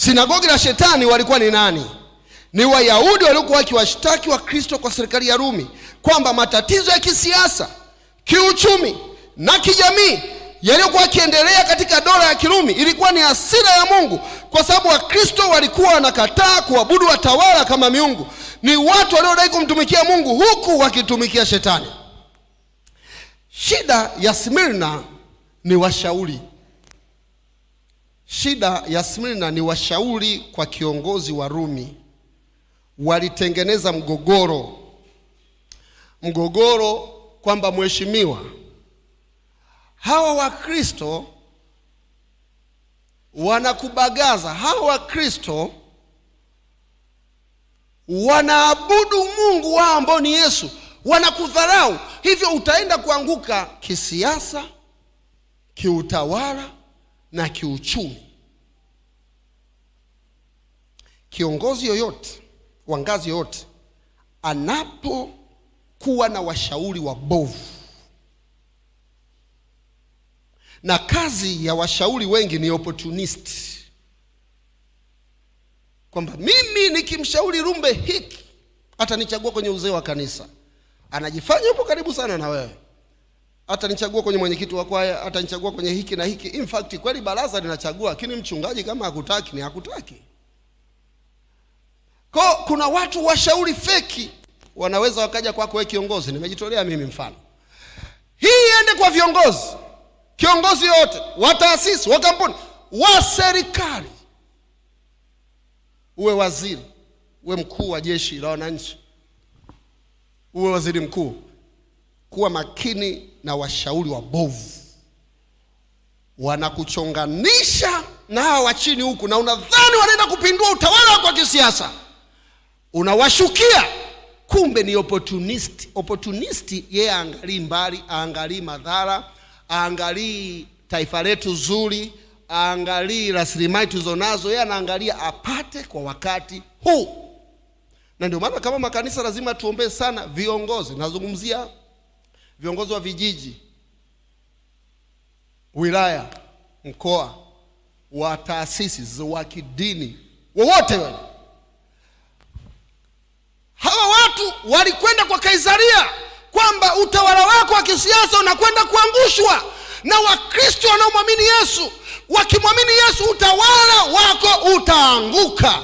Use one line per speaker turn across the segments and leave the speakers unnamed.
Sinagogi la shetani walikuwa ni nani? Ni Wayahudi waliokuwa wakiwashtaki Wakristo kwa serikali ya Rumi kwamba matatizo ya kisiasa, kiuchumi na kijamii yaliyokuwa yakiendelea katika dola ya Kirumi ilikuwa ni hasira ya Mungu, kwa sababu Wakristo walikuwa wanakataa kuabudu watawala kama miungu. Ni watu waliodai kumtumikia Mungu huku wakitumikia shetani. Shida ya Smirna ni washauri Shida ya Smyrna ni washauri kwa kiongozi wa Rumi, walitengeneza mgogoro, mgogoro kwamba mheshimiwa, hawa Wakristo wanakubagaza, hawa Wakristo wanaabudu Mungu wao ambao ni Yesu, wanakudharau, hivyo utaenda kuanguka kisiasa, kiutawala na kiuchumi. Kiongozi yoyote wa ngazi yoyote anapokuwa na washauri wabovu, na kazi ya washauri wengi ni opportunist, kwamba mimi nikimshauri Rumbe hiki atanichagua kwenye uzee wa kanisa. Anajifanya yupo karibu sana na wewe atanichagua kwenye mwenyekiti wa kwaya, atanichagua kwenye hiki na hiki. In fact kweli baraza linachagua, lakini mchungaji kama hakutaki ni hakutaki. Kwa kuna watu washauri feki wanaweza wakaja kwako, wewe kiongozi, nimejitolea mimi mfano hii iende kwa viongozi, kiongozi yote wa taasisi, wa kampuni, wa serikali, uwe waziri, uwe mkuu wa jeshi la wananchi, uwe waziri mkuu kuwa makini na washauri wabovu, wanakuchonganisha na hawa wa chini huku, na unadhani wanaenda kupindua utawala wako wa kisiasa, unawashukia kumbe ni opportunist. Opportunist yeye yeah, aangalii mbali, aangalii madhara, aangalii taifa letu zuri, aangalii rasilimali tulizonazo, yeye yeah, anaangalia apate kwa wakati huu, na ndio maana kama makanisa lazima tuombee sana viongozi, nazungumzia viongozi wa vijiji, wilaya, mkoa, wa taasisi wa kidini wowote wale, hawa watu walikwenda kwa Kaisaria kwamba utawala wako wa kisiasa unakwenda kuangushwa, na Wakristo wanaomwamini Yesu wakimwamini Yesu utawala wako utaanguka.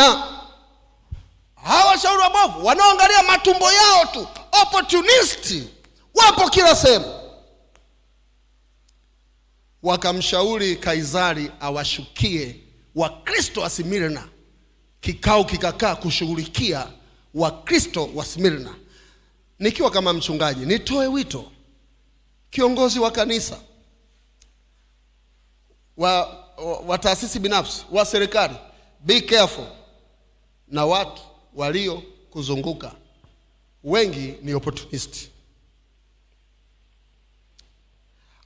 na hawa washauri wabovu wanaoangalia matumbo yao tu, opportunisti wapo kila sehemu. Wakamshauri Kaisari awashukie Wakristo wa Smirna. Kikao kikakaa kushughulikia Wakristo wa Smirna. Nikiwa kama mchungaji, nitoe wito, kiongozi wa kanisa, wa, wa, wa taasisi binafsi, wa serikali, be careful na watu waliokuzunguka wengi ni opportunist.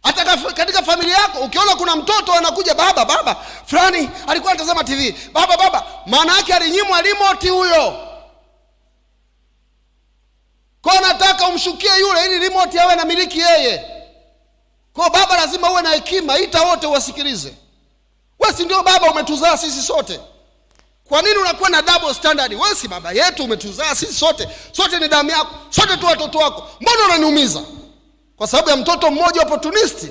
Hata katika familia yako ukiona kuna mtoto anakuja, baba baba fulani alikuwa anatazama TV, baba baba, maana yake alinyimwa remote huyo kwa anataka umshukie yule ili remote awe na miliki yeye. Kwa baba lazima uwe na hekima, ita wote uwasikilize. Wewe si ndio baba umetuzaa sisi sote. Kwa nini unakuwa na double standard? Wewe si baba yetu, umetuzaa sisi sote, sote ni damu yako, sote tu watoto wako. Mbona unaniumiza kwa sababu ya mtoto mmoja opportunisti?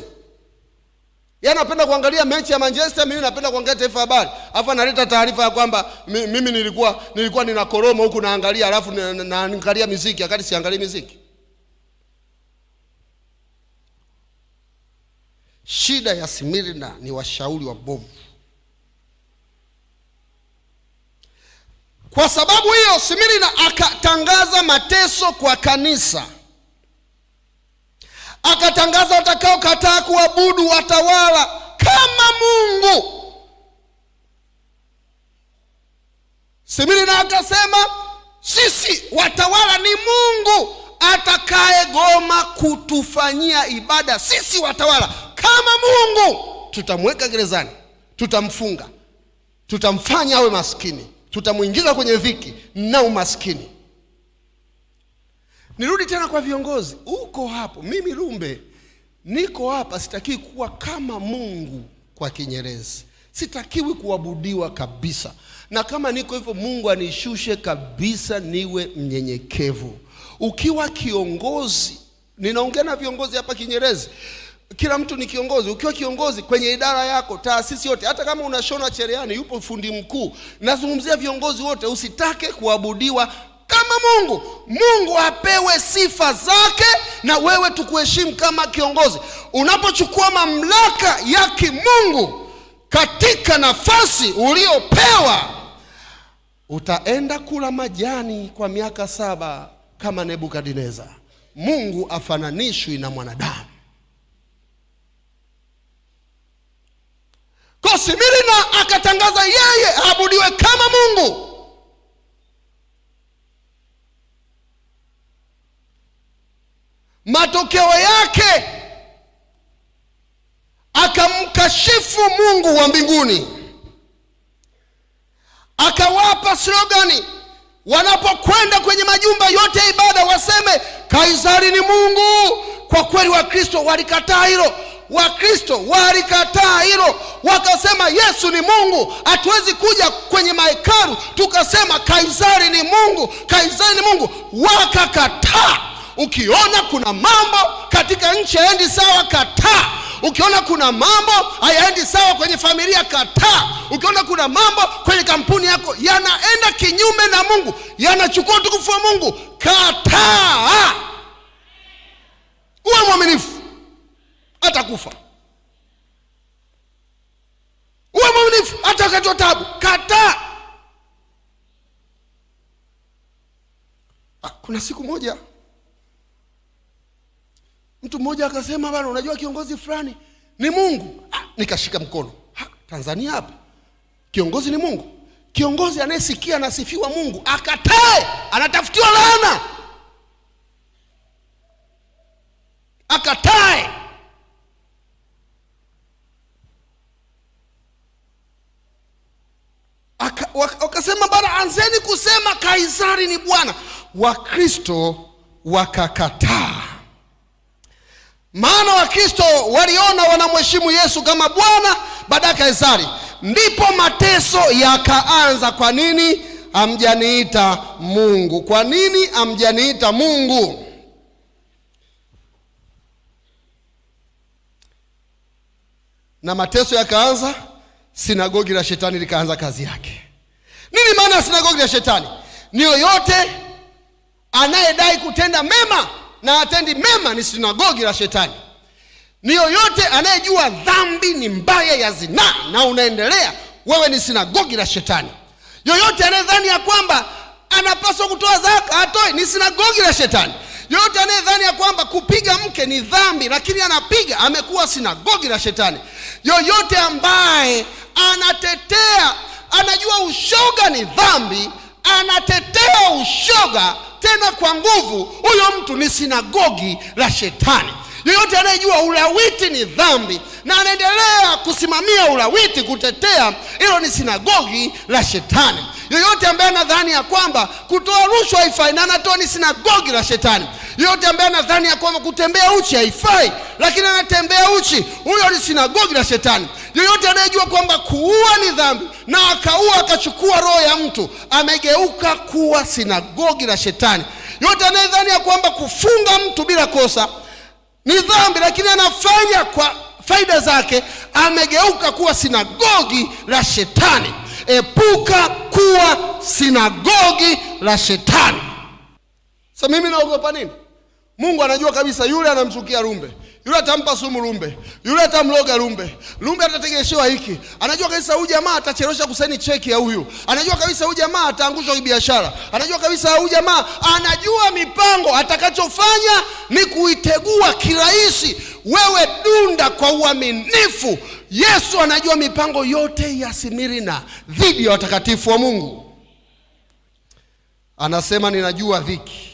Yeye anapenda kuangalia mechi ya Manchester, mimi napenda kuangalia Taifa Habari, alafu analeta taarifa ya kwamba mimi nilikuwa nilikuwa nina koroma huku naangalia, alafu naangalia muziki, akati siangalii muziki. Shida ya Smirna ni washauri wabovu. Kwa sababu hiyo Simirina akatangaza mateso kwa kanisa, akatangaza watakaokataa kuabudu watawala kama Mungu. Simirina akasema sisi watawala ni Mungu, atakayegoma kutufanyia ibada sisi watawala kama Mungu, tutamweka gerezani, tutamfunga, tutamfanya awe maskini tutamwingiza kwenye viki na umaskini. Nirudi tena kwa viongozi, uko hapo, mimi Lumbe niko hapa, sitakii kuwa kama Mungu kwa Kinyerezi, sitakiwi kuabudiwa kabisa, na kama niko hivyo, Mungu anishushe kabisa, niwe mnyenyekevu. Ukiwa kiongozi, ninaongea na viongozi hapa Kinyerezi kila mtu ni kiongozi. Ukiwa kiongozi kwenye idara yako, taasisi yote, hata kama unashona cherehani, yupo fundi mkuu. Nazungumzia viongozi wote, usitake kuabudiwa kama Mungu. Mungu apewe sifa zake, na wewe tukuheshimu kama kiongozi. Unapochukua mamlaka ya kimungu katika nafasi uliopewa, utaenda kula majani kwa miaka saba kama Nebukadneza. Mungu afananishwi na mwanadamu. Kosmirna akatangaza yeye aabudiwe kama Mungu. Matokeo yake akamkashifu Mungu wa mbinguni, akawapa slogani wanapokwenda kwenye majumba yote ya ibada waseme Kaisari ni Mungu. Kwa kweli Wakristo walikataa hilo. Wakristo walikataa hilo, wakasema Yesu ni Mungu. Hatuwezi kuja kwenye mahekalu tukasema Kaisari ni Mungu, Kaisari ni Mungu. Wakakataa. Ukiona kuna mambo katika nchi haendi sawa, kataa. Ukiona kuna mambo hayaendi sawa kwenye familia, kataa. Ukiona kuna mambo kwenye kampuni yako yanaenda kinyume na Mungu, yanachukua utukufu wa Mungu, kataa. kufa. Uwe mwaminifu hata wakati wa tabu. Kataa. Ah, kuna siku moja mtu mmoja akasema, bana, unajua kiongozi fulani ni Mungu. Ha, ah, nikashika mkono. Ha, Tanzania hapa kiongozi ni Mungu? Kiongozi anayesikia anasifiwa Mungu akatae, anatafutiwa laana, akatae. anzeni kusema Kaisari ni bwana. Wakristo wakakataa, maana Wakristo waliona wanamheshimu Yesu kama Bwana baada ya Kaisari, ndipo mateso yakaanza. Kwa nini amjaniita Mungu? Kwa nini amjaniita Mungu? Na mateso yakaanza, sinagogi la shetani likaanza kazi yake. Nini maana ya sinagogi ya Shetani? Ni yoyote anayedai kutenda mema na atendi mema ni sinagogi la Shetani. Ni yoyote anayejua dhambi ni mbaya ya zinaa na unaendelea, wewe ni sinagogi la Shetani. Yoyote anayedhani ya kwamba anapaswa kutoa zaka atoe, ni sinagogi la Shetani. Yoyote anayedhani ya kwamba kupiga mke ni dhambi, lakini anapiga, amekuwa sinagogi la Shetani. Yoyote ambaye anatetea anajua ushoga ni dhambi, anatetea ushoga tena kwa nguvu, huyo mtu ni sinagogi la Shetani. Yeyote anayejua ulawiti ni dhambi na anaendelea kusimamia ulawiti, kutetea hilo, ni sinagogi la Shetani. Yeyote ambaye anadhani ya kwamba kutoa rushwa haifai na anatoa, ni sinagogi la Shetani. Yeyote ambaye anadhani ya kwamba kutembea uchi haifai, lakini anatembea uchi, huyo ni sinagogi la Shetani. Yoyote anayejua kwamba kuua ni dhambi na akaua akachukua roho ya mtu amegeuka kuwa sinagogi la Shetani. Yoyote anayedhani ya kwamba kufunga mtu bila kosa ni dhambi, lakini anafanya kwa faida zake, amegeuka kuwa sinagogi la Shetani. Epuka kuwa sinagogi la Shetani. Sasa mimi naogopa nini? Mungu anajua kabisa yule anamchukia rumbe yule atampa sumu Lumbe, yule atamloga Lumbe, Lumbe atategeshewa hiki. Anajua kabisa huyu jamaa atachelewesha kusaini cheki ya huyu, anajua kabisa huyu jamaa ataangushwa kibiashara, anajua kabisa huyu jamaa, anajua mipango. Atakachofanya ni kuitegua kirahisi. Wewe dunda kwa uaminifu. Yesu anajua mipango yote ya Simirina dhidi ya watakatifu wa Mungu. Anasema ninajua dhiki.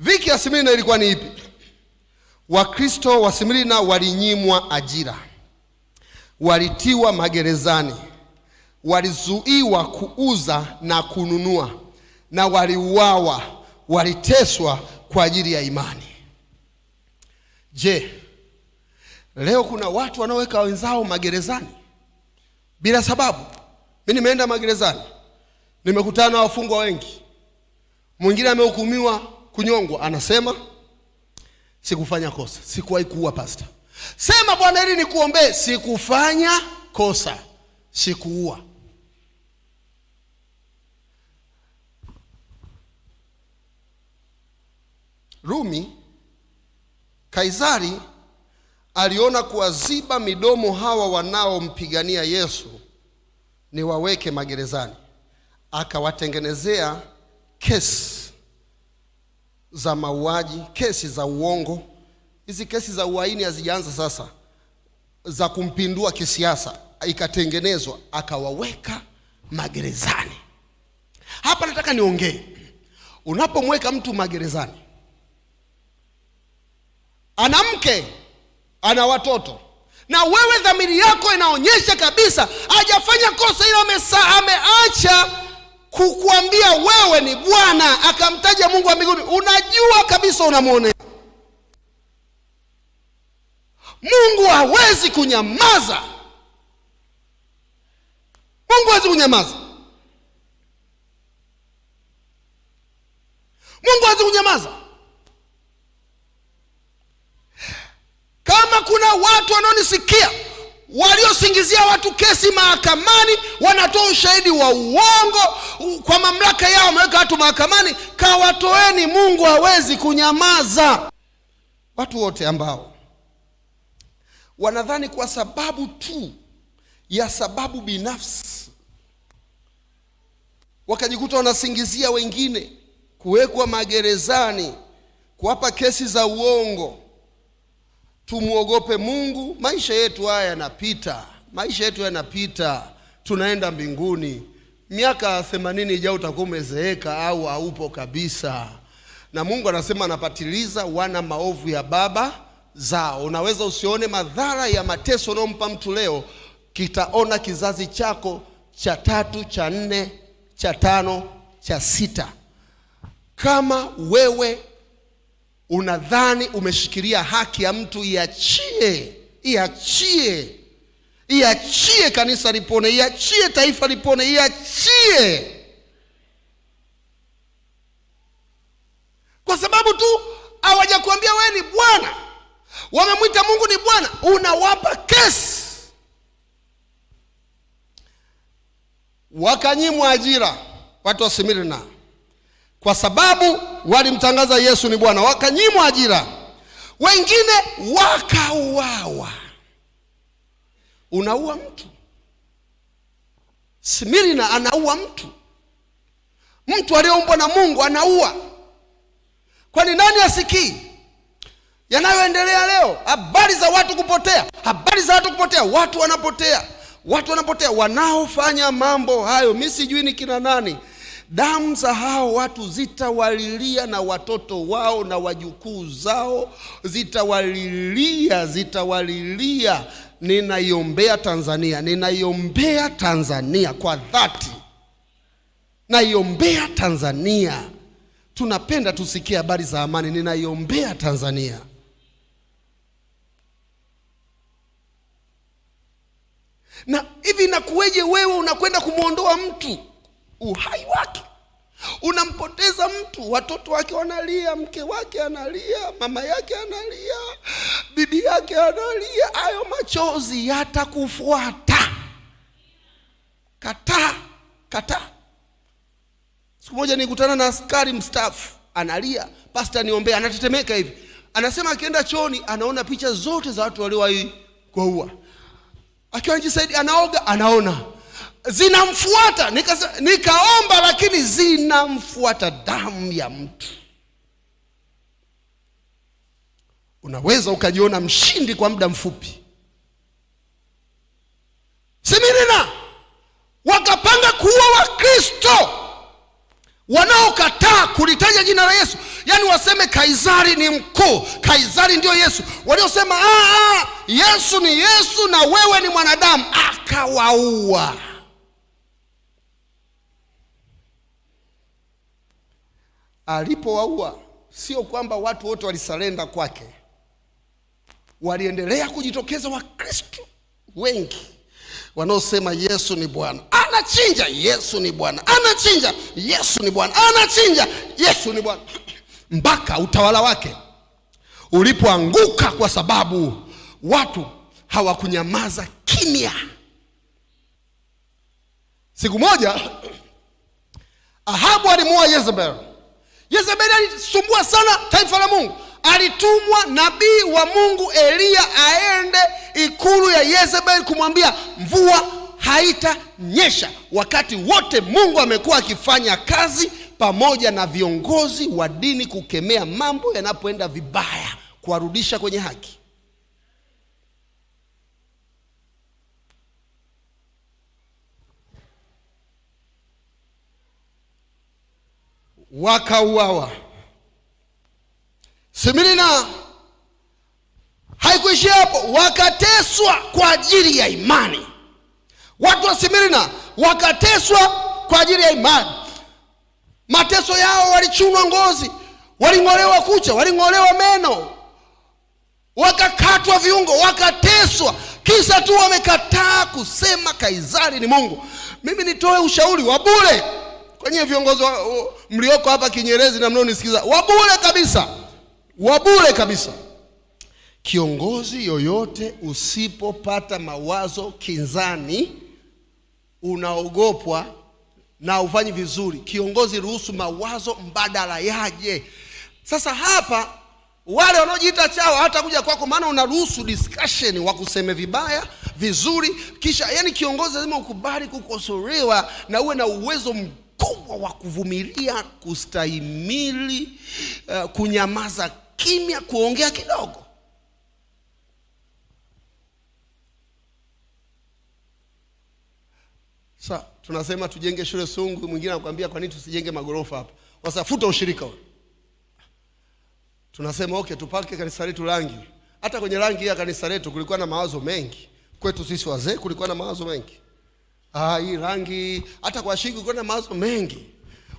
Dhiki ya Simirina ilikuwa ni ipi? Wakristo wa simirina walinyimwa ajira, walitiwa magerezani, walizuiwa kuuza na kununua, na waliuawa, waliteswa kwa ajili ya imani. Je, leo kuna watu wanaoweka wenzao magerezani bila sababu? Mimi nimeenda magerezani, nimekutana na wafungwa wengi, mwingine amehukumiwa kunyongwa, anasema sikufanya kosa, sikuwahi kuua pasta. Sema Bwana, ili nikuombee, sikufanya kosa, sikuua. Rumi, Kaisari aliona kuwaziba midomo hawa wanaompigania Yesu ni waweke magerezani, akawatengenezea kesi za mauaji, kesi za uongo. Hizi kesi za uhaini hazijaanza sasa, za kumpindua kisiasa, ikatengenezwa akawaweka magerezani. Hapa nataka niongee, unapomweka mtu magerezani, ana mke, ana watoto na wewe dhamiri yako inaonyesha kabisa hajafanya kosa, ila ameacha kukuambia wewe ni Bwana, akamtaja Mungu wa mbinguni, unajua kabisa unamwonea Mungu. Hawezi kunyamaza, Mungu hawezi kunyamaza, Mungu hawezi kunyamaza. Kama kuna watu wanaonisikia waliosingizia watu kesi mahakamani, wanatoa ushahidi wa uongo kwa mamlaka yao wameweka watu mahakamani, kawatoeni. Mungu hawezi kunyamaza. Watu wote ambao wanadhani kwa sababu tu ya sababu binafsi wakajikuta wanasingizia wengine kuwekwa magerezani, kuwapa kesi za uongo, tumwogope Mungu. Maisha yetu haya yanapita, maisha yetu yanapita, tunaenda mbinguni miaka themanini ijao utakuwa umezeeka au haupo kabisa, na Mungu anasema anapatiliza wana maovu ya baba zao. Unaweza usione madhara ya mateso unaompa mtu leo, kitaona kizazi chako cha tatu, cha nne, cha tano, cha sita. Kama wewe unadhani umeshikilia haki ya mtu, iachie, iachie. Iachie kanisa lipone, iachie taifa lipone, iachie kwa sababu tu hawajakuambia wewe ni Bwana, wamemwita Mungu ni Bwana, unawapa kesi. Wakanyimwa ajira watu wa Simirna kwa sababu walimtangaza Yesu ni Bwana, wakanyimwa ajira, wengine wakauawa unaua mtu. Smirna anaua mtu, mtu aliyeumbwa na Mungu anaua. Kwani nani asikii yanayoendelea leo? Habari za watu kupotea, habari za watu kupotea, watu wanapotea, watu wanapotea. Wanaofanya mambo hayo, mi sijui ni kina nani. Damu za hao watu zitawalilia na watoto wao na wajukuu zao zitawalilia, zitawalilia ninaiombea Tanzania, ninaiombea Tanzania kwa dhati, naiombea Tanzania. Tunapenda tusikie habari za amani, ninaiombea Tanzania. Na hivi inakuweje wewe unakwenda kumwondoa mtu uhai wake? Unampoteza mtu, watoto wake wanalia, mke wake analia, mama yake analia, bibi yake analia. Hayo machozi yatakufuata. Kataa, kataa. Siku moja nikutana na askari mstaafu analia, pasta, niombea anatetemeka hivi, anasema akienda chooni anaona picha zote za watu waliowahi kuua, akiwa anajisaidia, anaoga, anaona zinamfuata nika, nikaomba lakini zinamfuata damu ya mtu. Unaweza ukajiona mshindi kwa muda mfupi. Simirina wakapanga kuwa Wakristo wanaokataa kulitaja jina la Yesu, yaani waseme Kaisari ni mkuu, Kaisari ndio Yesu. Waliosema ah, ah, Yesu ni Yesu na wewe ni mwanadamu, akawaua. alipowaua, sio kwamba watu wote walisalenda kwake, waliendelea kujitokeza Wakristo wengi wanaosema Yesu ni Bwana, anachinja Yesu ni Bwana, anachinja Yesu ni Bwana, anachinja Yesu ni Bwana, mpaka utawala wake ulipoanguka, kwa sababu watu hawakunyamaza kimya. Siku moja Ahabu alimuua Yezebeli Yezebeli alisumbua sana taifa la Mungu. Alitumwa nabii wa Mungu Eliya aende ikulu ya Yezebeli kumwambia mvua haitanyesha. Wakati wote Mungu amekuwa akifanya kazi pamoja na viongozi wa dini kukemea mambo yanapoenda vibaya, kuwarudisha kwenye haki. wakauawa. Smirna haikuishia hapo, wakateswa kwa ajili ya imani. Watu wa Smirna wakateswa kwa ajili ya imani. Mateso yao, walichunwa ngozi, waling'olewa kucha, waling'olewa meno, wakakatwa viungo, wakateswa kisa tu wamekataa kusema Kaisari ni Mungu. Mimi nitoe ushauri wa bure kwenye viongozi mlioko hapa Kinyerezi na mnaonisikiza, wabule kabisa, wabule kabisa. Kiongozi yoyote usipopata mawazo kinzani, unaogopwa na ufanyi vizuri. Kiongozi, ruhusu mawazo mbadala yaje. Sasa hapa wale wanaojiita chawa kuja kwako, maana unaruhusu discussion, kuseme vibaya vizuri, kisha yani kiongozi lazima ukubali kukosolewa na uwe na uwezo mkubwa wa kuvumilia, kustahimili, uh, kunyamaza kimya, kuongea kidogo. Sa tunasema tujenge shule sungu, mwingine anakuambia kwa nini tusijenge magorofa hapa? Wasafuta ushirika. Tunasema okay, tupake kanisa letu rangi. Hata kwenye rangi ya kanisa letu kulikuwa na mawazo mengi, kwetu sisi wazee kulikuwa na mawazo mengi ah, hii rangi. Hata kwa shingo kuna mawazo mengi.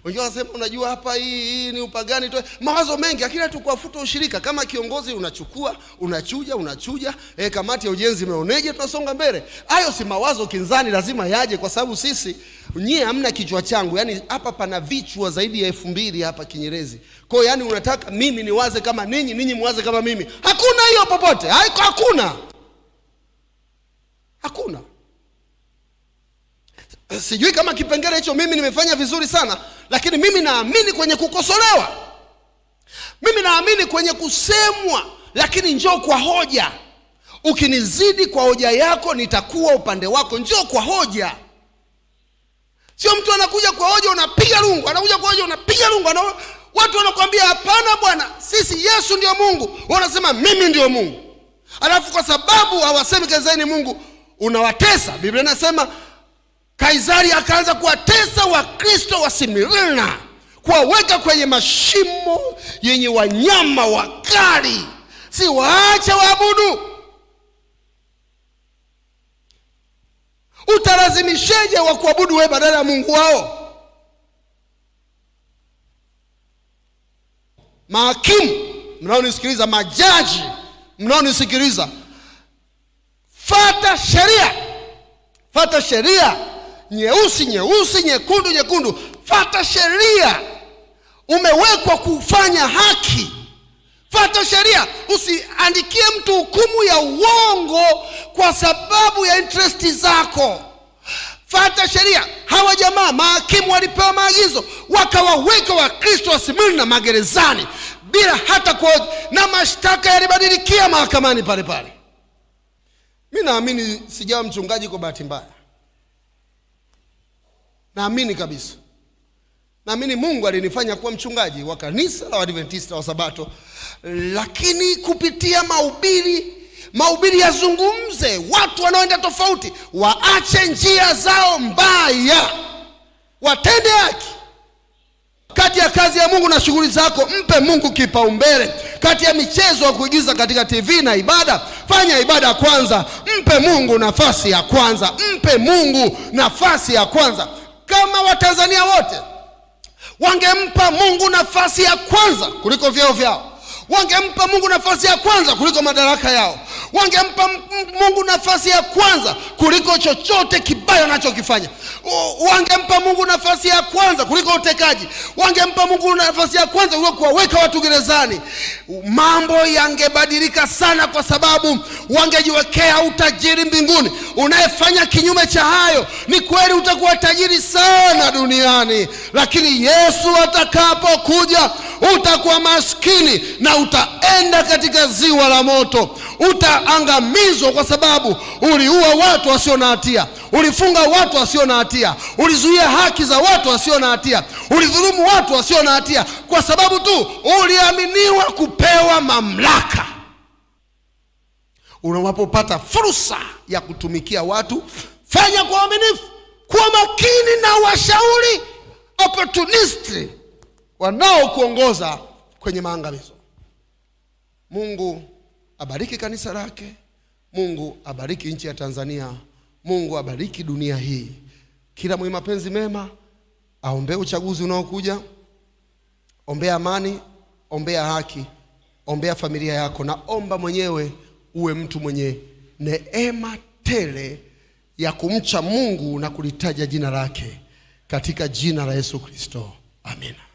Wengine wanasema unajua, hapa hii hii ni upagani tu, mawazo mengi, lakini tu kuwafuta ushirika. Kama kiongozi unachukua, unachuja, unachuja. E, kamati ya ujenzi imeoneje? Tunasonga mbele. Hayo si mawazo kinzani, lazima yaje, kwa sababu sisi nyie hamna kichwa changu. Yani hapa pana vichwa zaidi ya elfu mbili hapa Kinyerezi. Kwa hiyo, yani unataka mimi niwaze kama ninyi, ninyi mwaze kama mimi? Hakuna hiyo popote, haiko, hakuna, hakuna. Sijui kama kipengele hicho mimi nimefanya vizuri sana, lakini mimi naamini kwenye kukosolewa, mimi naamini kwenye kusemwa, lakini njoo kwa hoja. Ukinizidi kwa hoja yako, nitakuwa upande wako. Njoo kwa hoja, sio mtu anakuja kwa hoja unapiga lungu, anakuja kwa hoja unapiga lungu, ana watu wanakuambia hapana, bwana, sisi Yesu ndio Mungu, wanasema mimi ndio Mungu, alafu kwa sababu hawasemi kazeni Mungu unawatesa. Biblia inasema Kaisari akaanza kuwatesa Wakristo wa Simirna, kuwaweka kwenye mashimo yenye wanyama wakali, si waache waabudu. Utalazimisheje wa kuabudu wewe badala ya Mungu wao? Mahakimu mnaonisikiliza, majaji mnaonisikiliza, fata sheria, fata sheria nyeusi nyeusi, nyekundu nyekundu. Fata sheria, umewekwa kufanya haki. Fata sheria, usiandikie mtu hukumu ya uongo kwa sababu ya interesti zako. Fata sheria. Hawa jamaa mahakimu walipewa maagizo, wakawaweka Wakristo wa na magerezani bila hata kwa, na mashtaka yalibadilikia mahakamani pale pale. Mi naamini sijawa mchungaji kwa bahati mbaya Naamini kabisa, naamini Mungu alinifanya kuwa mchungaji wa kanisa la Waadventista wa Sabato, lakini kupitia maubiri maubiri yazungumze watu wanaoenda tofauti, waache njia zao mbaya, watende haki. Kati ya kazi ya Mungu na shughuli zako, mpe Mungu kipaumbele. Kati ya michezo ya kuigiza katika TV na ibada, fanya ibada kwanza. Mpe Mungu nafasi ya kwanza, mpe Mungu nafasi ya kwanza. Kama Watanzania wote wangempa Mungu nafasi ya kwanza kuliko vyeo vyao wangempa Mungu nafasi ya kwanza kuliko madaraka yao, wangempa Mungu nafasi ya kwanza kuliko chochote kibaya wanachokifanya, wangempa Mungu nafasi ya kwanza kuliko utekaji, wangempa Mungu nafasi ya kwanza kuliko kuwaweka watu gerezani. Mambo yangebadilika sana, kwa sababu wangejiwekea utajiri mbinguni. Unayefanya kinyume cha hayo, ni kweli utakuwa tajiri sana duniani, lakini Yesu atakapokuja utakuwa maskini na utaenda katika ziwa la moto, utaangamizwa kwa sababu uliua watu wasio na hatia, ulifunga watu wasio na hatia, ulizuia haki za watu wasio na hatia, ulidhulumu watu wasio na hatia, kwa sababu tu uliaminiwa kupewa mamlaka. Unapopata fursa ya kutumikia watu, fanya kwa uaminifu, kuwa makini na washauri opportunistic wanaokuongoza kwenye maangamizo. Mungu abariki kanisa lake, Mungu abariki nchi ya Tanzania, Mungu abariki dunia hii. Kila mwenye mapenzi mema aombee uchaguzi unaokuja, ombea amani, ombea haki, ombea familia yako, na omba mwenyewe uwe mtu mwenye neema tele ya kumcha Mungu na kulitaja jina lake katika jina la Yesu Kristo, amina.